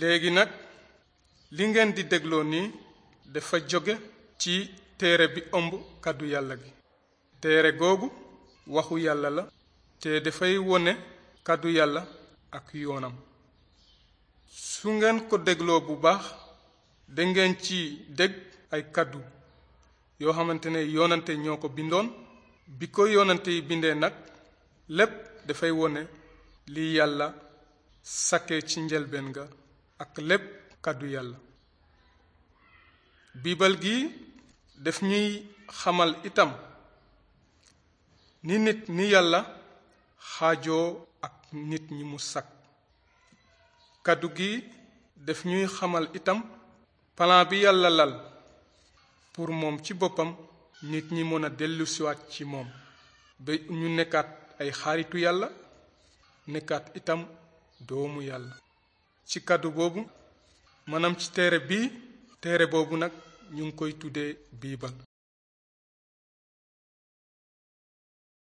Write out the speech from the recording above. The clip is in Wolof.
léegi nag li ngeen di dégloo nii dafa jóge ci téere bi ëmb kàddu yàlla gi téere googu waxu yàlla la te dafay wone kàddu yàlla ak yoonam su ngeen ko dégloo bu baax dangeen ci dégg ay kàddu yoo xamante ne yoonante ñoo ko bindoon bi ko yoonante bindee nag lépp dafay wone li yàlla sakkee ci njëlbeen ga ak lépp kàddu yàlla biibal gi def ñuy xamal itam ni nit ni yàlla xaajoo ak nit ñi mu sàkk kàddu gi def ñuy xamal itam plan bi yàlla lal pour moom ci boppam nit ñi mën a dellusiwaat ci moom ba ñu nekkaat ay xaritu yàlla nekkaat itam doomu yàlla ci kàddu boobu maanaam ci téere bii téere boobu nag ñu ngi koy tuddee biibal